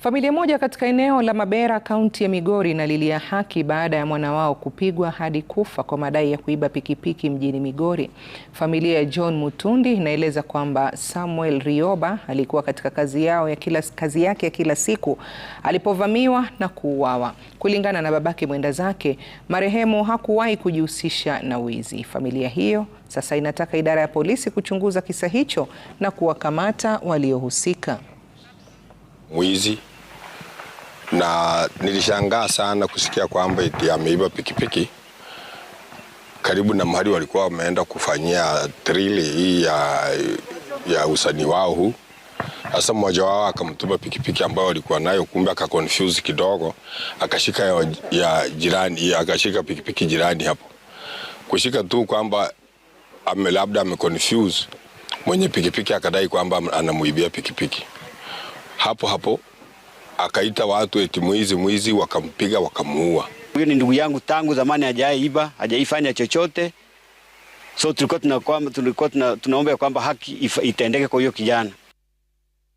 Familia moja katika eneo la Mabera kaunti ya Migori inalilia haki baada ya mwana wao kupigwa hadi kufa kwa madai ya kuiba pikipiki mjini Migori. Familia ya John Mutundi inaeleza kwamba Samuel Rioba alikuwa katika kazi yao ya kila, kazi yake ya kila siku alipovamiwa na kuuawa. Kulingana na babake mwenda zake, marehemu hakuwahi kujihusisha na wizi. Familia hiyo sasa inataka idara ya polisi kuchunguza kisa hicho na kuwakamata waliohusika mwizi, na nilishangaa sana kusikia kwamba eti ameiba pikipiki karibu na mahali walikuwa wameenda kufanyia trili hii ya, ya usanii wao huu. Sasa mmoja wao akamtuma pikipiki ambayo alikuwa nayo, kumbe akakonfuse kidogo, akashika ya, ya jirani ya, akashika pikipiki jirani hapo, kushika tu kwamba ame labda amekonfuse mwenye pikipiki, akadai kwamba anamuibia pikipiki hapo hapo akaita watu eti mwizi mwizi, wakampiga wakamuua. Huyo ni ndugu yangu tangu zamani, hajaiba hajaifanya chochote, so tulikuwa tunaomba kwamba haki itendeke kwa hiyo kijana.